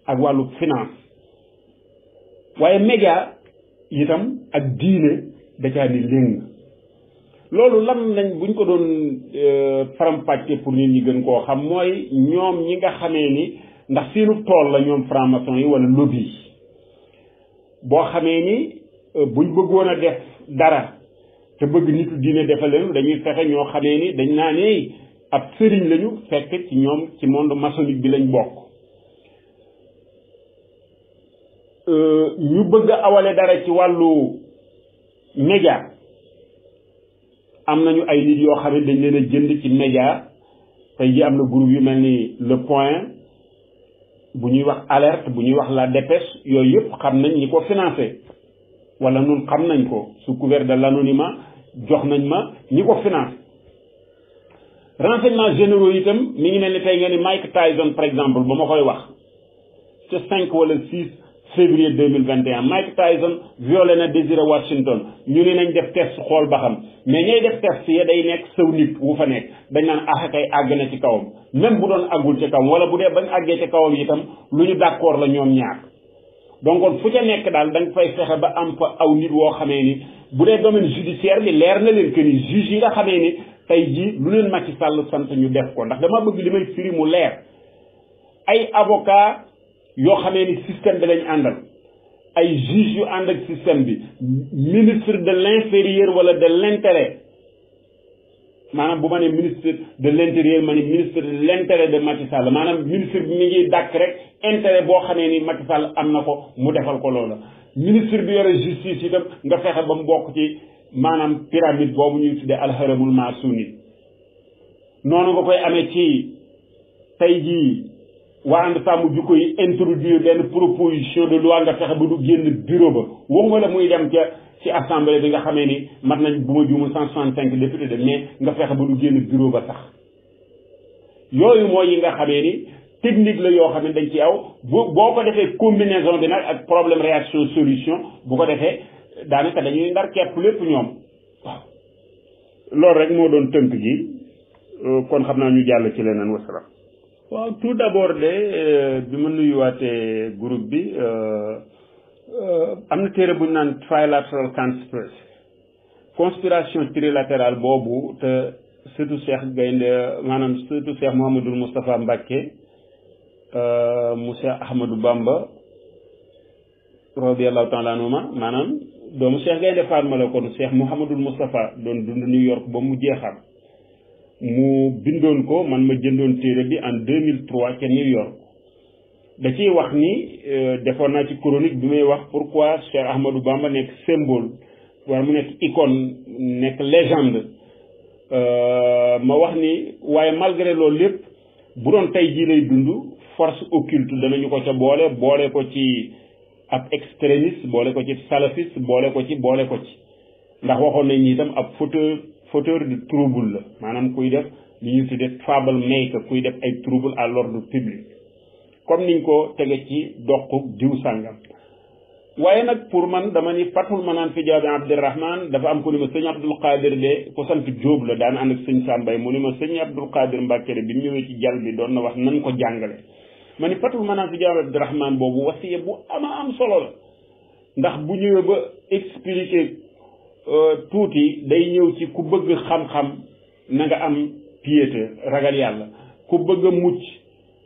ak wàllu finance waaye média itam ak diine da caa ni léng loolu lan lañ buñ ko doon euh, faram-fàcce pour nit ñi gën koo xam mooy ñoom ñi nga xamee ni ndax seenu tool la ñoom franc-maçon yi wala lobby yi boo xamee ni euh, buñ bëggoon a def dara te bëgg nitu diine defal leen dañuy fexe ñoo xamee ni dañ naa ni ab sëriñ lañu fekk ci ñoom ci monde maçonnique bi lañ bokk euh, ñu bëgg awale dara ci wàllu média am nañu ay nit yoo xam ne dañ leen jënd ci média tey ji am na groupe yu mel ni Le Point bu ñuy wax alerte bu ñuy wax la dépêche yooyu yëpp xam nañ ñi ko financé wala nun xam nañ ko sous couvert ni l'anonymat jox nañ ma ñi ko financé renseignements généraux itam mi ngi mel ni tey nga ni Mike Tyson par exemple ba ma koy wax ca cinq wala six février 2021 Mike Tyson violé na Désiré Washington ñu ne nañ def test xool ba xam mais ñooy def test ya day nekk sëw nit wu fa nekk dañ naan ax ah, kay àgg na ci kawam même bu doon àggul ci kawam wala bu dee bañ àggee ci kawam tam lu ñu d'accord la ñoom ñaar donc kon fu ca nekk daal da nga fay fexe ba am fa aw nit woo xamee ni bu dee domaine judiciaire bi leer na leen que ni juge yi nga xamee ni tey jii lu leen Macky sàll sant ñu def ko ndax dama bëgg li may mu leer ay yoo xamee ni système bi lañ àndal ay juge yu ànd ak système bi ministre de l' inférieur wala de l' intérêt maanaam bu ma ne ministre de l' intérieur ma ni ministre de l' intérêt de Macky Sall maanaam ministre bi mi ngi dàkk rek intérêt boo xamee ni Macky Sall am na ko mu defal ko loola ministre bi yore justice itam nga fexe ba mu bokk ci maanaam pyramide boobu ñuy tuddee alxaramul maasuni noonu nga koy amee ci tey jii waa ànd sàmm jikko koy introduire lenn proposition de loi nga fexe ba du génn bureau ba wongo la muy dem ca ci assemblée bi nga xamee ni mat nañ bu ma juumul cent soixante cinq député de nga fexe ba du génn bureau ba sax yooyu nga xamee ni technique la yoo xam ne dañ ci aw boo boo ko defee combinaison bi nag ak problème réaction solution bu ko defee daanaka dañuy ndar képp lépp ñoom waaw rek moo doon tënk gi euh, kon xam naa ñu jàll ci leneen wasalaam waaw tout d'abord de euh, bi ma nuyuwaatee groupe bi euh, euh, am na téere buñ ñu naan trilateral conspiracy conspiration trilatérale boobu te surtout Cheikh Gaynde maanaam surtout Cheikh Mouhamadul Moustapha Mbacke mu Cheikh Ahmadou Bamba radiallahu taala anhuma maanaam doomu Cheikh Gaynde Fatma la kon Cheikh Mouhamadul Moustapha doon dund New York ba mu jeexam mu bindoon ko man ma jëndoon téere bi mille 2003 ca New York da ci wax ni euh, defoon naa ci chronique bi may wax pourquoi Cheikh Ahmadou Bamba nekk symbole war mu nekk icône nekk légende euh, ma wax ni waaye malgré loolu lépp bu doon tey jii lay dund force occulte danañu ko ca boole boole ko ci ab extrémiste boole ko ci salafiste boole ko ci boole ko ci ndax waxoon nañ ni itam ab fauteuil fauteur de trouble la maanaam kuy def li ñuy tuddee trouble maker kuy def ay trouble à l'ordre public comme niñ ko tege ci doqub diw sàngam waaye nag pour man dama ni fatul manaan fi jaabi abdirahman dafa am ku ni ma sëñ abdul qadir de ko sant jóob la daan ànd ak sëñ sàmbay mu ni ma sëñ abdul qadir mbàkke de bi mu ñëwee ci jal bi doon na wax nan ko jàngale ma ni fatul manaan fi jaabi abdirahman boobu wasiye bu ama am solo la ndax bu ñëwee Euh, tuuti day ñëw ci ku bëgg xam-xam na am piété ragal yàlla ku bëgg a mucc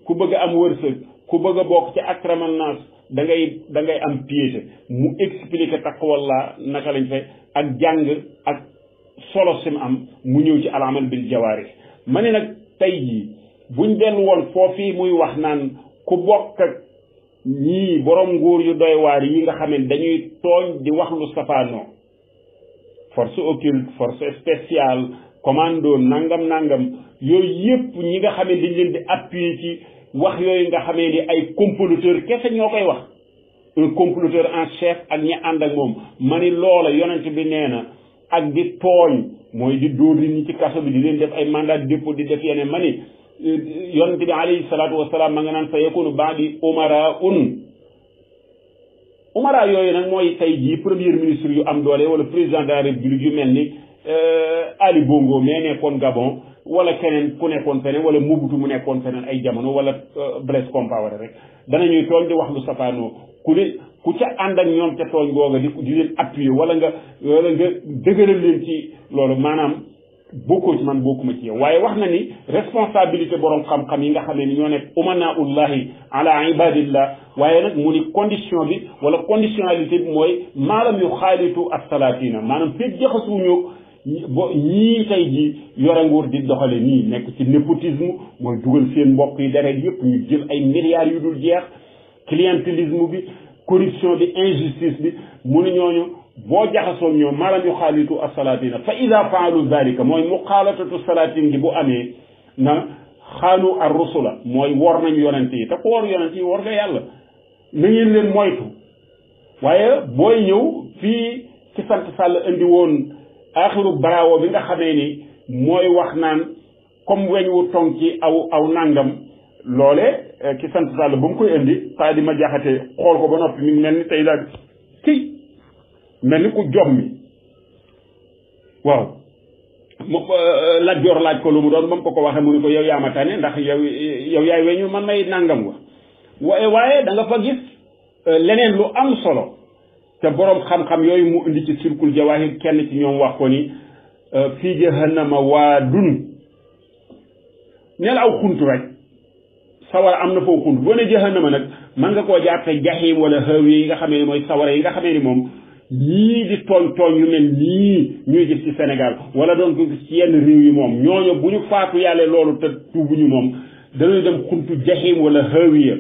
ku bëgg a am wërsëg ku bëgg a bokk ci akramal naas dangay dangay am piété mu expliqué taqwallah naka lañ fay ak jàng ak solo sim am mu ñëw ci alamal bil jawaari ma ne nag tey jii buñ dellu woon foofii muy wax naan ku bokk ak ñii borom nguur yu doy waar yi nga xam dañuy tooñ di wax lu safaanoo force occulte force spéciale commando nangam nangam yooyu yëpp ñi nga xamee dañ leen di appuyer ci wax yooyu nga xamee ni ay comploteur kese ñoo koy wax un comploteur en chef ak ñi ànd ak moom mani ni loola yonent bi nee na ak di tooñ mooy di dóor ñi ci kaso bi di leen def ay mandat de di def yeneen ma ni eh, yonent bi alayhi salaatu wasalaam ma nga naan sa yakunu baadi umara un umara yooyu nag mooy tey jii premier ministre yu am doole wala président de la république yu mel ni euh, Ali Bongo mais nekkoon Gabon wala keneen ku nekkoon feneen wala Mobutu mu nekkoon feneen ay jamono wala euh, Blaise Compaoré rek danañuy tooñ di wax lu safaanoo ku ne ku ca ànd ak ñoom ca tooñ googa di di leen appuyer wala nga wala nga dëgëral leen ci loolu maanaam bokkoo ci man bokkuma ci yow waaye wax na ni responsabilité boroom xam-xam yi nga xam ne ni ñoo nekk umanaullahi ala ibadillah waaye nag mu ni condition bi wala conditionnalité bi mooy maalam yu xaalitu asalatina maanaam fekk jaxasuñu bo ñii tey ji yore nguur di doxale nii nekk ci népotisme mooy dugal seen mbokk yi deret yëpp ñu jël ay milliards yu dul jeex clientélisme bi corruption bi injustice bi mu ne ñooñu boo jaxasoo ñoom maanaam yu xaalitu asalatina fa ida faalu dalika mooy mu xaalatatu salatin gi bu amee na xaanu ar rusula mooy wor nañ yonent yi te ku wor yonent yi wor nga yàlla na ngeen leen moytu waaye booy ñëw fii ci sant sàll indi woon axiru baraawo bi nga xamee ni mooy wax naan comme weñ wu tong ci aw aw nàngam loole ci eh, sant sàll ba mu koy indi taa di ma jaxate xool ko ba noppi mel ni tey daal kii mel ni ku jommi waaw moom euh, Lat Joor laaj ko lu mu doon moom ko ko waxee mu ne ko yow yaa ndax yow yow yaay weñu man may nàngam wa waaye eh, waaye da fa gis euh, leneen lu am solo te boroom xam-xam yooyu mu indi ci sirkul jawaahir kenn ci ñoom wax ko ni euh, fii jahannama waa dun neel aw xunt rek sawara am na foo xunt boo ne nag man nga koo jàppe jaxiim wala xëw yi nga xamee ni mooy sawara yi nga xamee ni moom lii di tooñ tooñ yu mel nii ñuy gis ci senegal wala doon ko ci yenn réew yi moom ñooñu bu ñu faatu yàllee loolu te tuubuñu moom dañuy dem xuntu jaxiim wala hawiya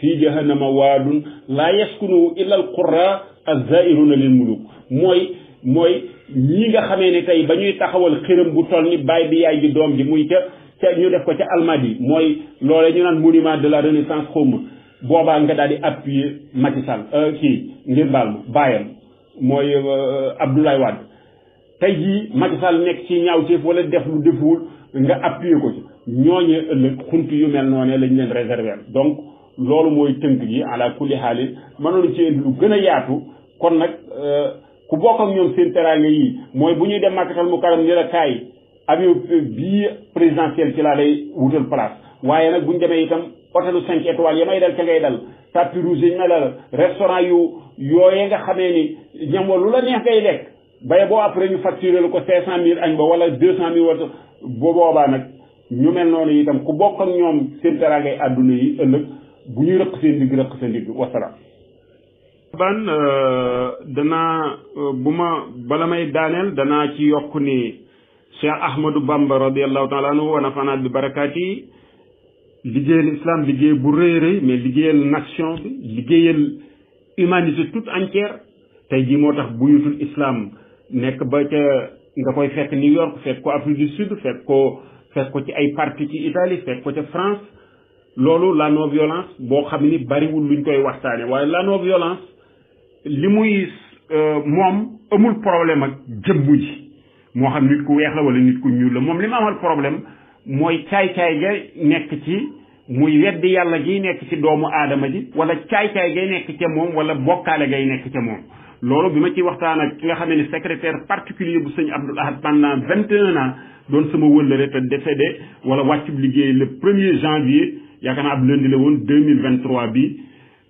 fii jahannama waadun laa yaskunu illa al a azzairuna lil muluk mooy mooy ñi nga xamee ne tey ba ñuy taxawal xërëm bu toll ni baay bi yaay ji doom ji muy ca ca ñu def ko ca almadi mooy loole ñu naan monument de la renaissance xawma boobaa nga daal di appuyer Macky Sall euh, kii ngir baal mooy euh, Abdoulaye Wade tey jii Macky Sall nekk ci ñaawteef wala def lu defuwul nga appuyer ko ci ñooñee ëllëg xunt yu mel noonee lañ leen réserver donc loolu mooy tënk gi ala kulli xaalis mënoon ci indi lu gën a yaatu kon nag euh, ku bokk ak ñoom seen teraanga yi mooy bu ñuy dem Makkatal Mukarram ni la kaay avion bii présidentiel ci laa lay wutal place waaye nag bu ñu demee itam hôtelu lu étoiles ya may dal ca ngay dal tapis rouge yi melal restaurant yu yooye nga xamee ni ñam wa la neex ngay lekk bay boo après ñu ko cinq mille añ wala deux cent mille wala bo boobaa nag ñu mel noonu itam ku bokk ak ñoom seen teraangay àdduna yi ëllëg bu ñuy rëq seen digg rëq seen digg wasalaam euh, danaa euh, bu ma bala may daaneel danaa ci yokk ni Cheikh Ahmadou Bamba radiallahu taala anhu wa nafanaa bi barakaati liggéeyal islam liggéey bu rëy rëy mais liggéeyal nation bi liggéeyal humanité toute entière tey jii moo tax bu yutul islam nekk ba ca nga koy fekk New York fekk ko Afrique du Sud fekk ko fekk ko ci ay parti ci Italie fekk ko ca France loolu la non violence boo xam ni bariwul luñ koy waxtaane waaye la non violence li muy euh, moom amul problème ak jëmm ji moo xam nit ku weex la wala nit ku ñuul la moom li ma amal problème mooy caay-caay ga nekk ci muy weddi yàlla giy nekk ci doomu aadama ji wala caay-caay gay nekk ca moom wala bokkaale gay nekk ca moom loolu bi ma ci waxtaan ak ki nga xamee ne secrétaire particulier bu sëñ Abdoul Ahad pendant vingt et un doon sama wëllëre te décédé wala wàccub liggéey le premier janvier yaakaar naa ab lundi la woon deux mille vingt trois bi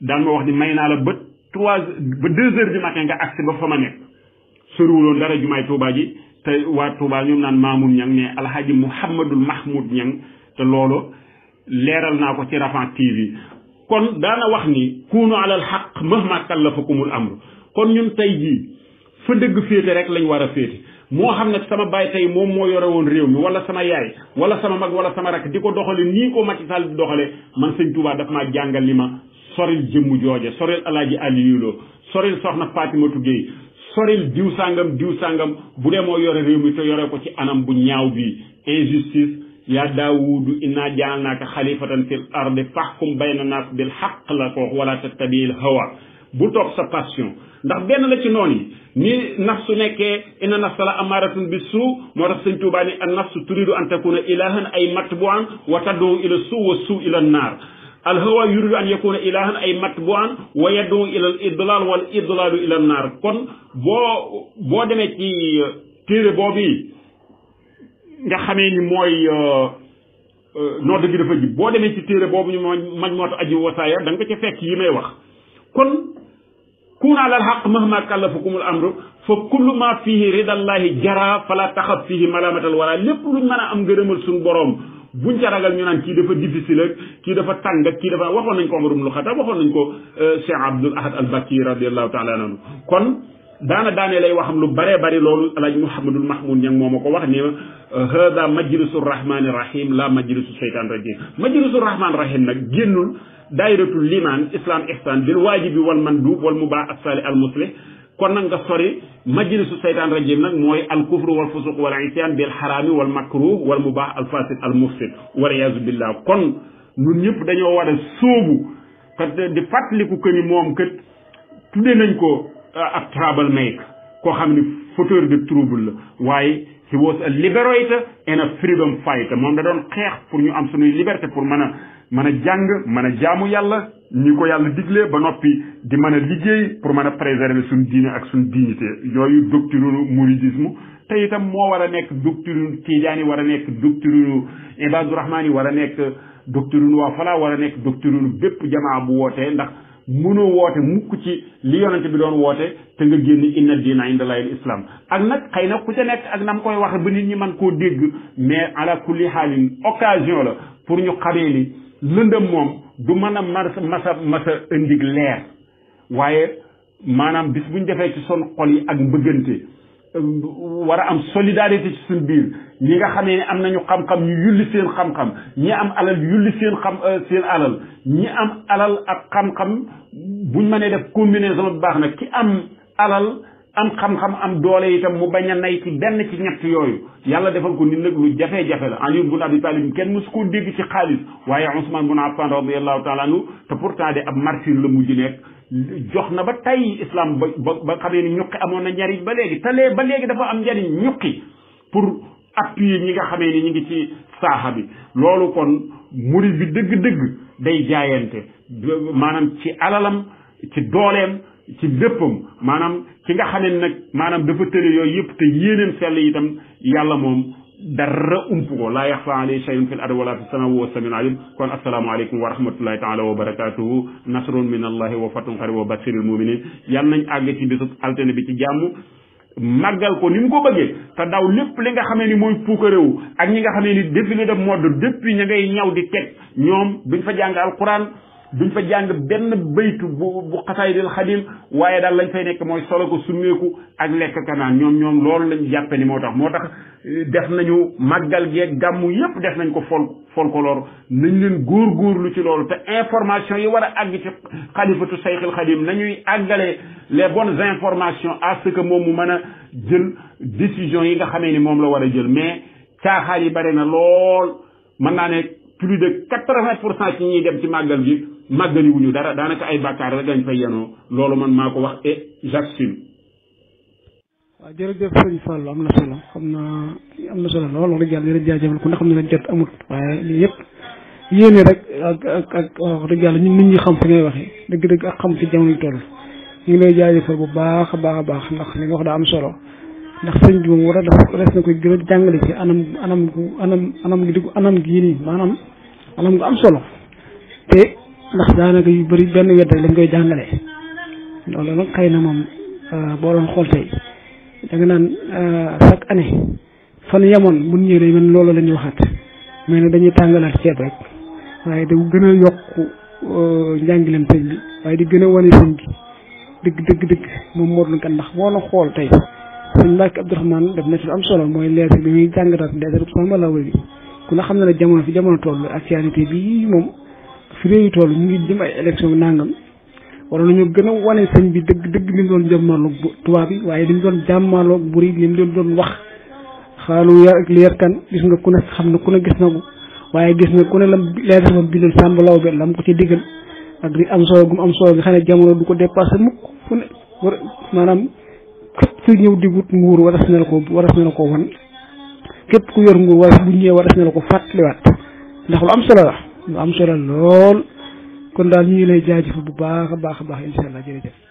daan ma wax ni may naa la ba trois ba deux heures bi matin nga ak agsi ba fa ma nekk soriwuloon dara jumaay Tuubaa ji te waa Touba ñoom naan Mamoun Niang mais alhaji Mouhamadul Mahmoud Niang te loolu leeral naa ko ci Rafah TV kon daana wax ni kuunu alal xaq mahma kallafakumul amru kon ñun tey jii fa dëgg féete rek lañ war a féete moo xam nag sama baay tay moom moo yore woon réew mi wala sama yaay wala sama mag wala sama rakk di ko doxale nii ko Macky Sall di doxale man sëñ Touba daf maa jàngal ni ma soril jëmm jooje soril alaaji Aliyu Lo soril soxna Fatimatu Gueye soril diw sàngam diw sàngam bu dee moo yore réew mi te yore ko ci anam bu ñaaw bii injustice yaa daawudu inna jaalnaaka xalifatan fil ardi fahkum bayna nas bil xaq la ko wala tattabiil hawa bu toog sa passion ndax benn la ci noon yi ni nafsu nekkee inna nafsa la amaaratun bi suu moo tax sëñ Tuubaa ni an nafsu turidu an takuna ilahan ay matbuan wa taddu ila suu wa suu ila naar alhawa yuridu an yakuna ilahan ay matbuan wa yaddu ilal idlal wal idlalu ilal naar kon boo boo demee ci euh, téere boobu nga xamee ni mooy euh, euh, nodd bi dafa jib boo demee ci téere boobu ñu mañ mooto aji wasaaya da nga fekk yi may wax kon kuuna alal xaq mahma kallafakumul amru fa kullu ma fihi ridallahi jara fala taxaf fihi malamatal wala lépp luñ mën a am ngërëmal suñu boroom buñ ca ragal ñu naan kii dafa difficile ak kii dafa tàng ak kii dafa waxoon nañ ko Omar ibn Khattab waxoon nañ ko euh, Cheikh Abdul Ahad al Bakir radiallahu taala anhu kon daana daane lay waxam lu bare bari loolu alaaj Mouhamadul Mahmoud ñang moo ma ko wax ne euh, hada majlisu rahmani rahim la majlisu seytaan rajim majlisu rahmani rahim nag génnul daayiratul liman islam ihsan bil waajibi wal mandub wal mubaa asali al muslih kon nag nga sori majlisu seytaan rajim nag mooy al kufru wal fusuq wal isyan bil xaraami wal makruh wal mubaax al fasid al mufsid wal iyaazu billah kon ñun ñëpp dañoo war a sóobu te di fàttaliku que ni moom kat tudde nañ ko euh, ab troublemaker koo xam ni fauteur de trouble la waaye he was a liberator and a freedom fighter moom da doon xeex pour ñu am suñuy liberté pour mën a mën a jàng mën a jaamu yàlla ni ko yàlla digle ba noppi di mën a liggéey pour mën a préserver suñ diine ak suñ dignité yooyu doctrine mouridisme te itam moo war a nekk doctrine tijaani war a nekk doctrine ibadu rahmaan yi war a nekk doctrine waa fala war a nekk doctrine bépp jamaa bu wootee ndax mënoo woote mukk ci li bi doon woote te nga génn inna diina inda layil islam ak nag xëy na ku ca nekk ak nam koy wax ba nit ñi man koo dégg mais ala kulli haalin occasion la pour ñu xamee ni lëndëm moom du mën a mas masa masa indig leer waaye maanaam bis buñ defee ci son xol yi ak mbëggante euh, war a am solidarité ci suñ biir ñi nga xamee ne am nañu xam-xam ñu yulli seen xam-xam ñi am alal yulli seen xam euh, seen alal ñi am alal ak xam-xam buñ mënee def combinaison bu baax nag ki am alal am xam-xam am doole yi tam mu bañ a nay ci benn ci ñett yooyu yàlla defal ko nit nag lu jafe-jafe la Ali bun Abi Talib kenn mosu koo dégg ci xaalis waaye Ousmane bun Affan radiallahu taala anhu te pourtant de ab martyr la mujj nekk jox na ba tay islam ba ba ba xamee ni ñuqi amoon na njariñ ba léegi talee ba léegi dafa am njariñ ñuqi pour appuyer ñi nga xamee ni ñi ngi ci saaxa bi loolu kon murid bi dëgg-dëgg day jaayante maanaam ci alalam ci dooleem ci léppam maanaam ki nga xam ne nag maanaam dafa tële yooyu yëpp te yéeneen sell itam yàlla moom dara ump ko laa yaxfa alayhi shay'un fil ardi wala fis samaa'i wa samiul alim kon assalaamu aleykum wa rahmatullahi taala wa barakatuhu nasrun min allahi wa fatun xari wa basiril muminin yal nañ àgg ci bésub altine bi ci jàmm màggal ko ni mu ko bëggee te daw lépp li nga xamee ni mooy puukaréewu ak ñi nga xamee ni défilé de mode depuis ña ngay ñaw di teg ñoom duñ fa jàng alquran duñ fa jàng benn baytu bu bu xasaydil xadim waaye daal lañ fay nekk mooy solo ko summeeku ak lekk kanaan ñoom ñoom lool lañ jàppe ni moo tax moo tax eh, def nañu màggal gee gàmmu yépp def nañ ko fol folklore nañ leen góor góorgóorlu ci loolu te information yi war a àgg ci xalifatu sayxil xadim nañuy àggale les bonnes information à ce que moom mu mën a jël décision yi nga xamee ni moom la war a jël mais caaxaar yi bare na lool mën naa ne plus de quatre-vingt pour cent ci ñuy dem ci màggal gi màggaliwuñu dara daanaka ay bataar rek lañ fay yenoo loolu man maa ko wax e et j'assume. waaw jërëjëf sëñ Fall am na solo xam naa am na solo lool wax dëgg yàlla yéen a jaajëfal ku ne xam ne jot waaye lii yëpp yéene rek ak ak yàlla ñun nit xam fi ngay waxee dëgg xam fi jamono toll ñu ngi lay jaajëfal bu baax a baax a baax ndax li nga wax daa am solo. ndax sëñ bi moom war a def res na koy gën a jàngale ci anam anam anam anam gi di anam gii nii maanaam anam nga am solo te ndax daanaka yu bari benn wet dañ koy jàngale loolu nag xay na moom euh, boo doon xool tey da naan euh, chaque année fan yamoon bu ñu ñëwee man loolu la ñuy waxaat mais nag dañuy tàngalaat ceeb rek waaye da gën a yokk euh, njàngileem sëñ bi waaye di gën a wane sëñ digg dëgg dëgg moom moo doon kan ndax boo doon xool tey sëñ Mbàkke Abdourahmane def na ci am solo mooy leer bi muy jàngataat leer bi sama law bi. ku ne xam na ne jamono fi jamono toll actualité bii moom fi réew toll ñu ngi jëm ay élection nangam wala nañu gën a wane sëñ bi dëgg dëgg li mu doon bu tubaab bi waaye li doon jàmmaarloog buri yi li doon wax xaalu yar ak kan gis nga ku ne xam na ku ne gis na ko waaye gis nga ku ne lam leetar ba bindoon Samba Laobé lam ko ci diggal ak li am solo gum am solo nga xam ne jamono du ko dépassé mukk fu ne maanaam képp ku ñëw di wut nguur war a ko war a ko wan képp ku yor nguur waaye bu ñëwee war def na la ko fàttaliwaat ndax lu am solo la am solo lool kon daal ñu ngi lay jaajëf bu baax a baax a baax incha allah jërëjëf.